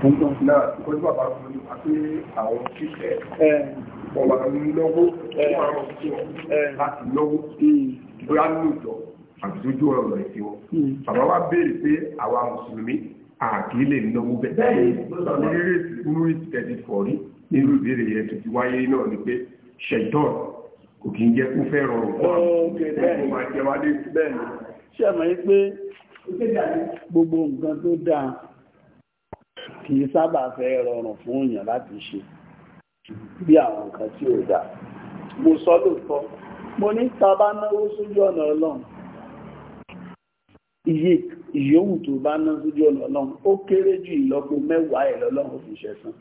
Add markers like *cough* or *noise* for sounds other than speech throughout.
náà kó tí bàbá fún un àti àwọn kíkẹ́ ọ̀wà lọ́wọ́ fún àwọn òṣìṣẹ́ láti lọ́wọ́ hmm. bóyá ní ìjọ àti tójú ọ̀rọ̀ rẹ̀ sí wọn. Hmm. bàbá wa béèrè pé àwa mùsùlùmí àkì lè náwó bẹ́ẹ̀ oríire ìlú ìtẹ̀sí fọ̀rí nínú ìbéèrè yẹn tó ti wáyé náà ni pé ṣẹ̀dọ̀n kò kí ń jẹ́ kó fẹ́ rọrùn fún àwọn ọmọ ìjẹwálé. ṣé ẹ mọ̀ yí pé gbogbo nǹkan tó dáa kì í sábà fẹ́ rọrùn fún èèyàn láti ṣe bí àwọn nǹkan tí ò dáa mo sọ lóòótọ́ mo ní tá bá náwó sójú ọ̀nà ọlọ́run iye ìyówù tó bá ná sójú ọ̀nà ọlọ́run ó kéré ju ìlọ́po mẹ́wàá ẹ̀ lọ́lọ́run fi ṣẹ̀san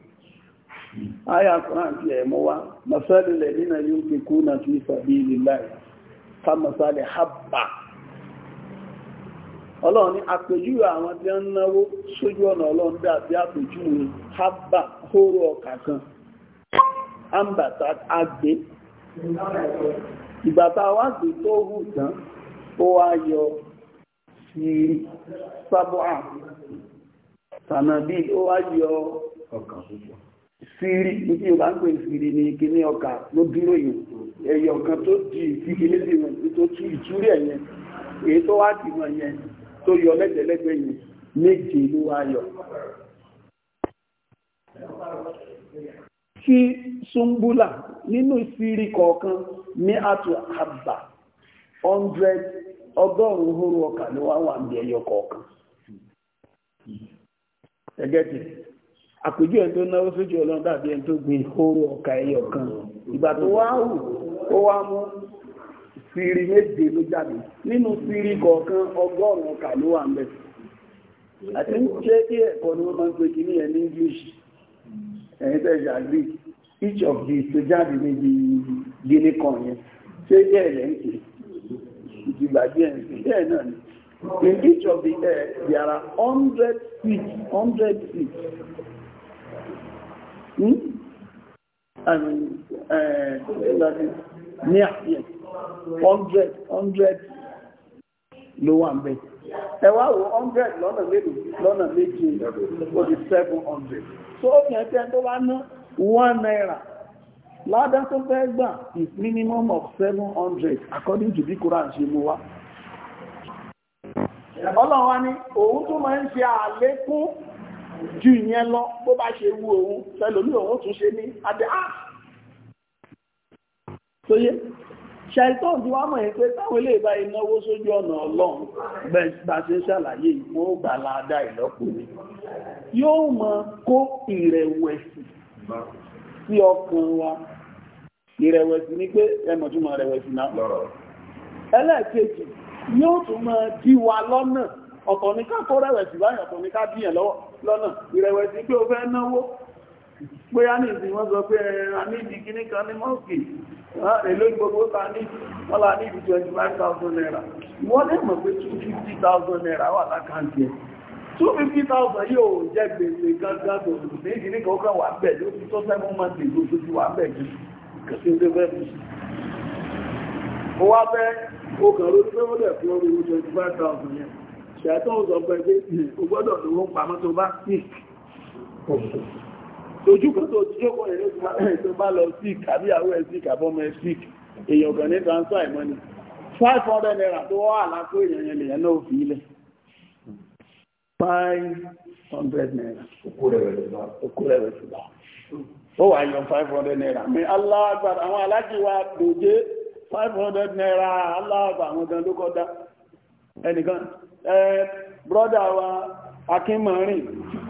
aya quran ti ẹ̀ mọ́ wá masalẹ̀ nínú yóò fi kú náà fi sàbí ilé láì ká masalẹ̀ habba ọlọ́run ni àpèjúwe àwọn tí wọ́n náwó sójú ọ̀nà ọlọ́run bí àti àpèjúwe hábà hóró ọkà kan ambata agbé ìgbà tá a wá gbé tó hù tán ó wá yọ sírí sábọ́à tànàbí ó wá yọ sírí ní tí yorùbá ń pè sírí ní kíní ọkà ló dúró yìí ẹyọ kan tó di ìfíkílé sí tó tú ìtúrí ẹ̀yẹn èyí tó wá ti yẹn tó yọ lẹ́gbẹ̀lẹ́gbẹ̀ yìí méje ló wá yọ. nínú kọ̀ọ̀kan ní àtò àbà ọgọ́rùn-ún hóró ọkà wà ní ẹyọ kọ̀ọ̀kan. àpèjú tó náwó sójú ọlọ́run dàbí tó gbin hóró ọkà ẹyọ kan. Ìgbà tó wá hù, ó wá mú sírí méje ló jáde nínú sírí kọ̀ọ̀kan ọgọ́rùn-ún kà ló wà ń bẹ̀ àti ṣé kí ẹ̀kọ́ ni wọ́n máa ń pè kí ní ẹ̀ ní English ẹ̀yìn tẹ̀ ṣàgbé each of these tó jáde níbi gíní kan yẹn ṣé díẹ̀ lẹ́ ń pè ìgbà díẹ̀ ń náà ni in each of the air eh, there are hundred feet hundred feet hmm? I mean, uh, eh, that is, hundred 100 ló wà ń bẹ̀ ẹ wá wo 100 lọ́nà mélòó lọ́nà méje ó di 700 so ó fi hàn pé ẹni tó bá ná 1 naira ládá tó fẹ́ gbà is minimum of seven hundred according to bí Quran ṣe mú wá ọlọ́wọ́ ni òun tó máa ń ṣe àlékún jù ìyẹn lọ bó bá ṣe wú òun tẹ́lòmí òun tún ṣe ní adé ah ṣàìtọ́ ti wá mọ̀ yí pé táwọn ilé ìbá ìnáwó sójú ọ̀nà ọlọ́run ṣe ń ṣàlàyé ìwọ̀n ó gbà yóò mọ kó ìrẹ̀wẹ̀sì sí ọkàn wa ìrẹ̀wẹ̀sì ni pé rẹ̀wẹ̀sì náà ẹlẹ́ẹ̀kejì yóò tún wa lọ́nà ọ̀tọ̀ ní ká kó rẹ̀wẹ̀sì báyìí ọ̀tọ̀ ní ká o na Ah, èlò gbogbo ta ní 25,000 naira wọ́n lè mọ̀ pé 250,000 naira wà lákàntì ẹ̀ 250,000 yóò jẹ́ gbèsè gángangò ní ìdíní kan kan wà bẹ̀ ló fi tó sẹ́mọ́ máa ti gbogbo ti wà bẹ̀ jù kẹsí ilé fẹ́ fi ó wá fẹ́ ó kàn ló fẹ́ 25,000 ojú kan tó jókòó rẹ̀ ló tó bá lọ sí kàbíyàwó ẹ̀ sí kàbọ́mọ ẹ̀ sí èèyàn ọ̀gàn ní money five hundred naira tó wà lápò èèyàn yẹn lèyàn náà fi ilẹ̀ five hundred naira okú rẹ̀ rẹ̀ síbá ó wà yan five hundred naira mi aláàgbà àwọn alájíwá dòjé five hundred naira aláàgbà àwọn gan ló kọ́ dá ẹnìkan ẹ brọ́dà wa akínmọ̀rin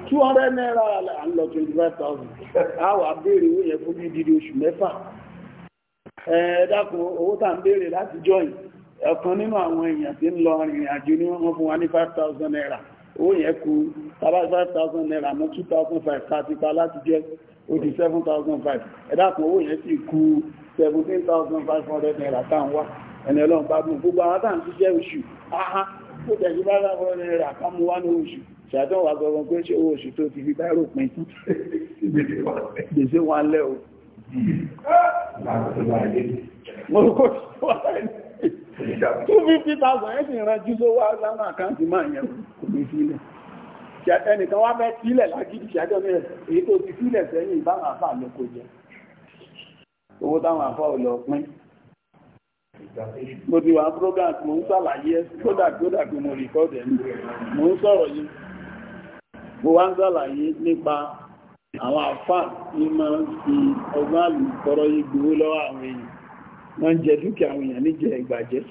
two hundred naira and lọ twenty five thousand àwọn abéèrè owó yẹn fún bíi dídí oṣù mẹ́fà ẹ dákun owó tá à ń béèrè láti join ọ̀kan nínú àwọn èèyàn tí ń lọ rìnrìn àjò ní wọ́n fún wa ní five thousand naira owó yẹn kù tábà five thousand naira mọ́ two thousand five káàtì pa láti jẹ́ ó di seven thousand five ẹ dákun owó yẹn sì kù seventeen thousand five hundred naira tá à ń wá ẹni ọlọ́run bá gùn gbogbo àwọn tá à ń ṣiṣẹ́ oṣù áhá ó tẹ̀síwájú five hundred naira ká mú oṣù ṣàtọ́ wà gọ́gọ́ pé ṣe owó oṣù tó ti fi báyìí ròpin tún gbèsè wọn lẹ́ o mọ́rúkọ́ tó fi fi tàbí ẹ̀sìn ìrànjú tó wá láwọn àkáǹtì máa yẹn kò ní sílẹ̀ ẹnìkan wá bẹ́ sílẹ̀ lágídí ṣàtọ́ ní èyí tó ti sílẹ̀ sẹ́yìn ìbáwọn àfà lóko jẹ owó táwọn àfà ò lọ pín mo ti wà program mo ń ṣàlàyé kódà kódà kí mo rìkọ́dẹ̀ mo ń sọ̀rọ̀ yìí mo wá ń sàlàyé nípa àwọn àfà ní máa ń fi ọgbọ́n àlùkọ́rọ́ yìí gbowó lọ́wọ́ àwọn èèyàn wọ́n jẹ dúkìá àwọn èèyàn níjẹ ìgbàjẹ́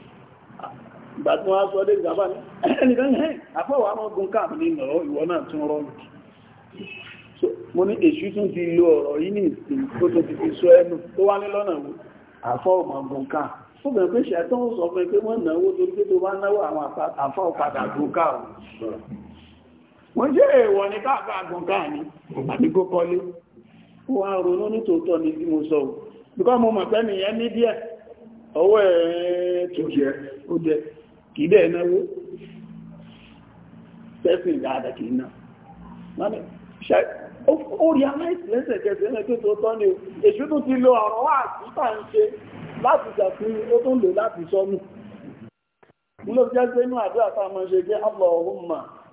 ìgbà tí wọ́n á sọ dé ìgbàbá ní ẹnìkan hẹ́ àfọwọ́ àwọn ogun káàmù ní ìnàrọ̀ ìwọ náà tún rọrùn mo ní èṣù tún ti lo ọ̀rọ̀ yìí ní ìsìn tó tó ti sọ fún ẹ pé náwó torí pé tó bá náwó àwọn àfọwọ́ padà ogun káà wọ́n ṣe èèwọ̀ ní káàkà àgùnká ní àbí kó kọlé wọ́n á ronú nítòótọ́ ní tí mo sọ bíkọ́ mo mọ̀ pé nìyẹn ní díẹ̀ ọwọ́ ẹ̀ẹ́ tó jẹ́ ó jẹ́ kì í dẹ̀ náwó tẹ́sìn dáadáa kì í ná ó rí aláìsí lẹ́sẹ̀kẹsẹ̀ ẹ̀nà tó tó tọ́ ni èṣù tó ti lo ọ̀rọ̀ wà títà ń ṣe láti ṣàfihàn ó tó ń lò láti sọ́nù. mo ló fi jẹ́ sínú àdúrà táwọn ṣe jẹ́ Allahumma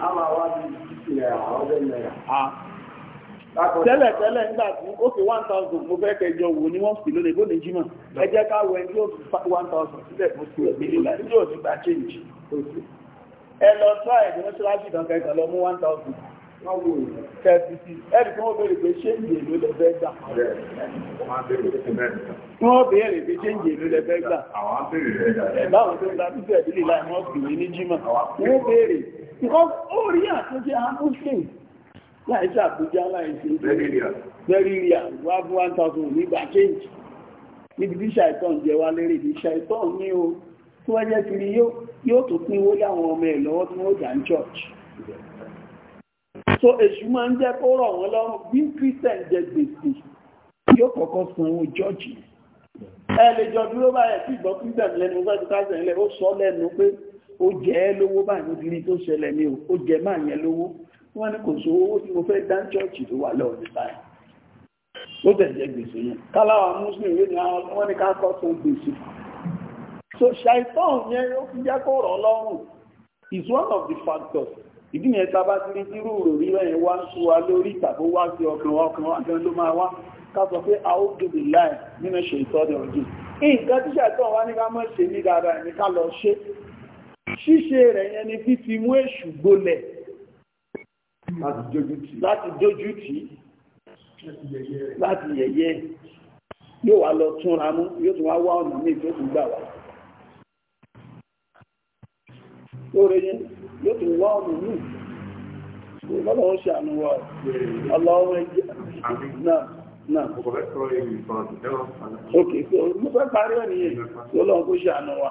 a máa wá bí fifty naira tẹ́lẹ̀ tẹ́lẹ̀ nígbà tí ó fi one thousand mo fẹ́ kẹjọ wò ní wọ́n sì lónìí bó ní jimá ẹ jẹ́ ká wẹ ní òfin one thousand sílẹ̀ fún sí ẹ̀mí nílá yóò nígbà change ẹ lọ tọ́ ẹ̀ ní mọ́ṣáláṣí kan kẹ́kọ̀ọ́ lọ one thousand kẹ́ẹ̀sìtì ẹ̀rì kan wọ́n bèèrè pé change ń jè ló lẹ́fẹ́ gbà. wọ́n bèèrè pé ṣé ń jè ló lẹ́fẹ́ gbà. báwọn tó ń gba títẹ̀ ìdílé láì wọ́n sì ní ní jímọ̀ wọ́n bèèrè because ó rí àtúnṣe àwọn muslim láìsí àbújá láìsí bẹ́ríríà wá fún 1000 nígbà change níbi bí ṣàìtàn jẹ wá lérí bí ṣàìtàn ní o tí wọ́n jẹ́ kiri yóò tó pínwó láwọn ọmọ ẹ̀ lọ́wọ́ tí wọ́n dà ní church so èṣù máa ń jẹ́ kó rọ̀ wọ́n lọ́rùn bí christian jẹ gbèsè yóò kọ́kọ́ sanwó church ẹ lè jọ dúró báyẹ̀ sí ìgbọ́ christian lẹ́nu fẹ́ẹ́ ti ká ó jẹ́ elowo lówó báyìí ó ti rí tó ṣẹlẹ̀ ní o ó jẹ máa yẹn lówó wọ́n ní kò sí owó tí mo fẹ́ dá chọ́ọ̀chì tó wà lọ́wọ́ ní báyìí ó tẹ̀jẹ̀ gbèsè yẹn muslim yóò ni wọ́n ní ká kọ́ san gbèsè so ṣàìtàn yẹn ó fi jẹ́ kó rọ̀ lọ́rùn is one of the factors ìdí yẹn tá a bá ti wá sí lórí wá sí ọkàn wa ọkàn wa gan ló máa wá ká sọ pé a ó láì nínú lọ ṣe ṣíṣe rẹ̀ yẹn ni fífi mú èṣù gbolẹ̀ láti dójú tì láti yẹ̀yẹ́ yóò wá lọ túnra mú yóò tún wá wá ọ̀nà míì tó tún gbà wá lórí yẹn yóò tún wá ọ̀nà míì ń ṣe àánú wa ọlọ́run ẹgbẹ́ ok so mo fẹ́ parí ẹ̀ nìyẹn lọ́lọ́run wa.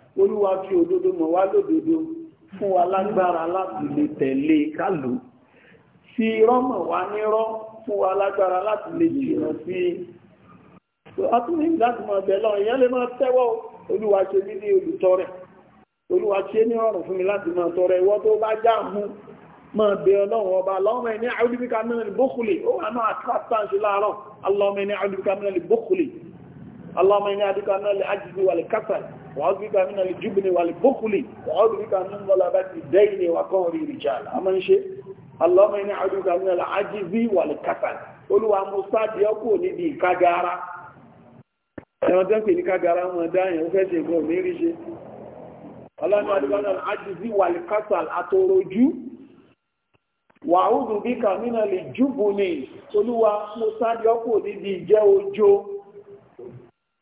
olúwa fi òdodo mọ̀ wá lódodo fún wa lágbára láti lè tẹ̀lé kálù fi irọ́ mọ̀ wá nírọ́ fún wa lágbára láti lè jìnà sí ọtúnlẹ̀ láti mọ̀ bẹ̀ lọ ìyẹn lè máa tẹ́wọ́ olúwa ṣe mí ní olùtọrẹ olúwa ṣe ní ọrùn fún mi láti máa tọrẹ ìwọ tó bá já mú máa bẹ ọlọ́run ọba lọ́mọ ẹni àìdíbíkà mìíràn lè bókùlé ó wà náà àtàtàṣe láàárọ̀ alọ́mọ ẹni àìdíbíkà mìíràn bókùlé alọ́mọ ẹni àìdíbíkà mìíràn lè wà lè kásàlì wàhálùbíkà mínà lè jùbìnì wà lè bókùlì wàhálùbíkà mínà lọ́la bá ti dẹ́yìnì wà kọ́ rí rìjàlá a máa ń ṣe alọ́mọ iná àdúgbà mínà lè ájíbí wà lè kàtàn olúwa musa di ọkọ níbi ìkágara ẹ̀wọ̀n tó ń pè ní kágara wọn dáyẹn ó fẹ́ ṣe nǹkan òní rí ṣe ọlọ́mọ àdúgbà mínà lè ájíbí wà lè kàtàn àtòròjú wàhálùbíkà mínà lè jùbìnì olúwa musa di ọkọ níbi ìjẹ́ ojo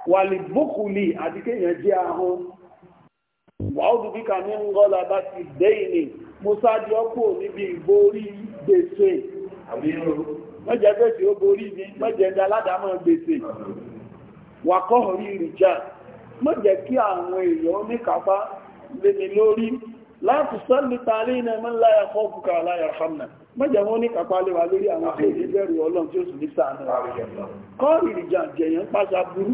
wàlìbùkùlì àti kéèyàn jẹ́ ahun wàhùdù bí kàní ń gọ́lá bá ti dẹ́yìnì mo sáájú ọkọ̀ níbi ìborí gbèsè mọ́jẹ́ gbèsè ó borí mi mọ́jẹ́ ní aládàmọ́ gbèsè wàkọ́hùrí ìrìjà mọ́jẹ́ kí àwọn èèyàn ní kápá lé mi lórí láti sọ́lù tààrí iná mọ́ láyà kọ́ fúkà láyà hamna mọ́jẹ̀ wọ́n ní kàpá lè wà lórí àwọn akéèdè bẹ̀rù ọlọ́run tí ó sì ní sáà náà kọ́ ìrìjà jẹ̀yàn pàṣà burú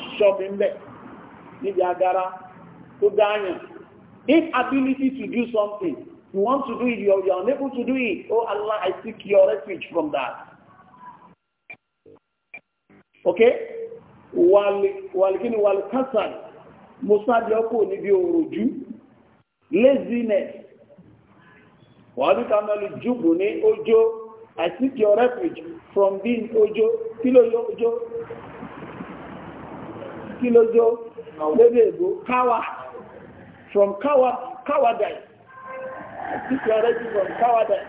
ṣọ́ mi ń bẹ̀ níbi agara tó dáyàn ability to do something you want to do it you are unable to do it oh Allah I seek your refuge from that okay wàlìkíni wàlìkásàn mọ́sáàdì ọkọ̀ níbi òròjú laziness wàlìkà mẹ́lú jùbù ní ọjọ́ I seek your refuge from being ọjọ́ kí ló yọ ọjọ́ kí ló jó lédè ègbò káwà from káwà káwàdàì speak your recipe from káwàdàì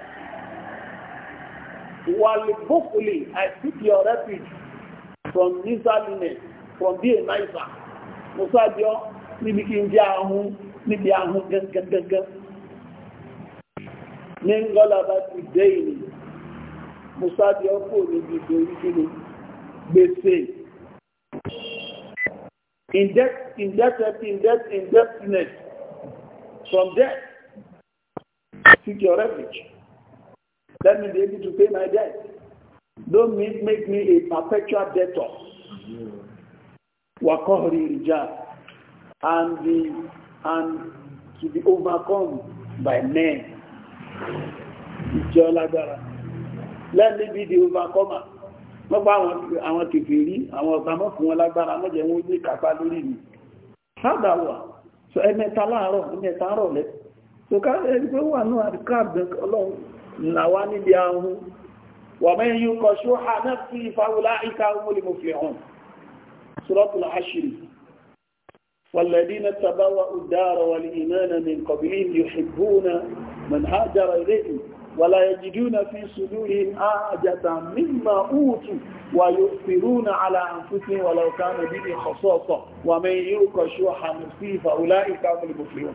wàlìbókùlì I speak your refuge from nisaliness from bí a nicer mo sáàjọ́ níbi kí n jẹ́ ahun níbi ahun gẹ́gẹ́gẹ́gẹ́ ní ngọ́lábá ti dé ìní mo sáàjọ́ kò níbi ìgbèríkìlì gbèsè in indebted, in-depth, from death. Seek your refuge. Let me be able to pay my debt. Don't make, make me a perpetual debtor. Wakohri Rijal. And, the, and to be overcome by men. Let me be the overcomer wọ́n bá àwọn kèfèrí àwọn ọ̀sàmọ́ fún wọn lágbára mọ́jẹ̀ wọn ní kápá lórí mi sáàdàwà so ẹ̀mẹ́ta láàárọ̀ ẹ̀mẹ́ta rọ̀lẹ́ so ká ẹni pé wà náà àdìkáàbẹ̀ ọlọ́run làwá níbi ahun wà mẹ́rin yóò kọ ṣó ha náà fi ìfàwọlá ìka omúlì mo fi hàn suratul ashiri wàlá yajiduna fi sudurihim àjàtà mimma úùtù wà yusiruna ala anfusihim walau kana bihi khasasa wa man yuqa shuhha nafsihi fa ulaika humul muflihun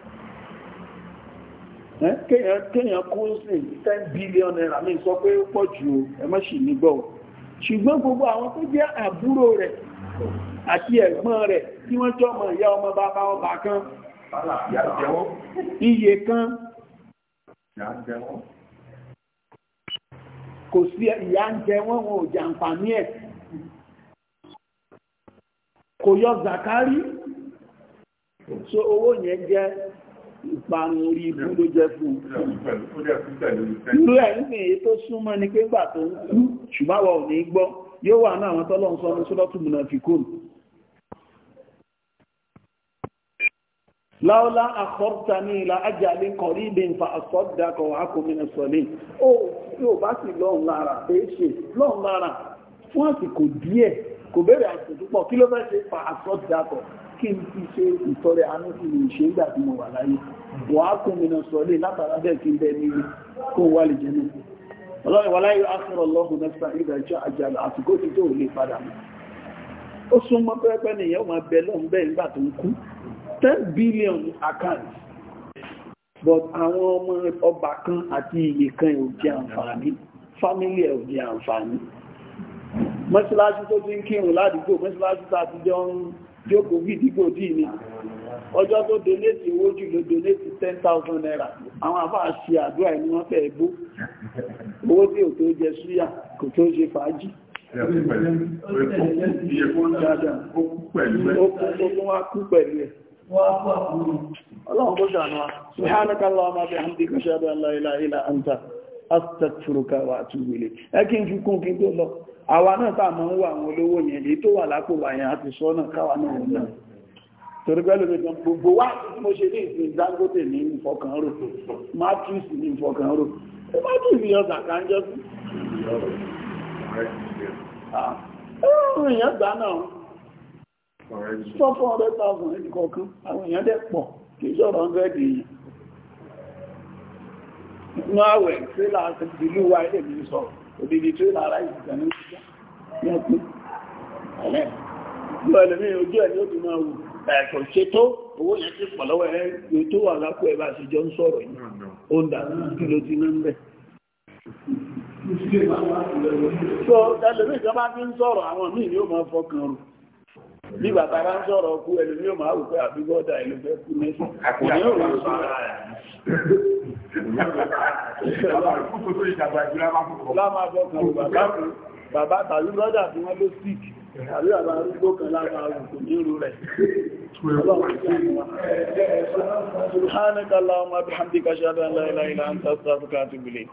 kéèyàn kó sí ten billion naira mi sọ pé ó pọ̀ jù ẹmọ́sì nígbọ́ ṣùgbọ́n gbogbo àwọn tó jẹ́ àbúrò rẹ̀ àti ẹ̀gbọ́n rẹ̀ tí wọ́n jọ ọmọ ìyá ọmọ bàbá ọba kan iye kan kò sí ìyá ń jẹ wọ́n wọn ò jàǹfààní ìparun orí ibú ló jẹ́ fún ìrúlẹ̀ nísìn èyí tó súnmọ́ ni pé ńgbà tó ń kú ṣùgbọ́n ò ní gbọ́ yóò wà náà àwọn tọ́lọ́ láọ́lá àkọ́ta ní kọ̀rí ibi ń fa sọ̀lẹ̀ ó bá fún àsìkò díẹ̀ kò bẹ̀rẹ̀ àsìkò púpọ̀ kí ló fẹ́ fa kí n fi ṣe ìtọrẹ àánú kí n ṣe ìgbà tí mo wà láyé wà á kún mi náà sọlé látara bẹ́ẹ̀ kí n bẹ ní ilé kó wà lè jẹun ọlọ́run wà láyé áfẹ́rọ̀ lọ́hùn nẹ́fà ìgbà ìjọ àjàlá àsìkò tí tó lè padà mọ́ ó súnmọ́ pẹ́pẹ́ nìyẹn wọn bẹ lọ́hùn bẹ́ẹ̀ nígbà tó ń kú ten billion account but àwọn ọmọ ọba kan àti iye kan ò jẹ àǹfààní family ẹ̀ ò jẹ àǹfààní mọ́síláṣí tó ti ń kírun ládùúgbò mọ́síláṣí tó àtijọ́ ń jókòó gidigbo dì ní ọjọ́ tó donate owó jù ló donate ten thousand naira àwọn àfáà ṣe àdúrà ẹni wọ́n fẹ́ bó owó tí ò tó jẹ súyà kò tó ṣe fàájì Ọlọ́run astagfiruka wa atubu ilayk ẹ kí n fi kún kí n tó lọ àwa náà tá àmọ́ ń wà àwọn olówó yẹn lè tó wà lápò wà yẹn àti sọ náà káwa náà wọn náà torí pẹ́lú mi kan gbogbo wá mo ṣe ní ìsìn Dangote ní ìfọkàn rò Matthews ní ìfọkàn rò Matthews yọ sàkánjọ́ sí ọ̀rọ̀ èèyàn gbà náà sọ fún ọ̀rẹ́ àwọn èèyàn dẹ̀ pọ̀ kìí sọ̀rọ̀ 100 èèyàn inú àwẹ̀ tírélà ìlú wa ilé mi sọ òdìdí tírélà ara ìsìnkà ní ọdún ọ̀lẹ́ ìlú ẹlẹ́mí ojú ẹ̀ ní ó ti máa wù ẹ̀kọ̀ ṣe tó owó yẹn ti pọ̀ lọ́wọ́ fi ń sọ̀rọ̀ àwọn míì ni ó máa fọkàn rù bí bàbá bá ń sọ̀rọ̀ ọkú ẹlòmí ó máa wù àbígọ́dà ẹlòmí ẹkú mẹ́sàn-án *laughs* Bàbá tàbí brọ́dà tí wọ́n ló síkì, tàbí àbá arúgbó kan lára àrùn kò ní irú rẹ̀. Ṣùgbọ́n, ṣe hánẹ́kà láwọn máa bí hàndíkà ṣe adá ńlá ìlà ìlà ń tàbí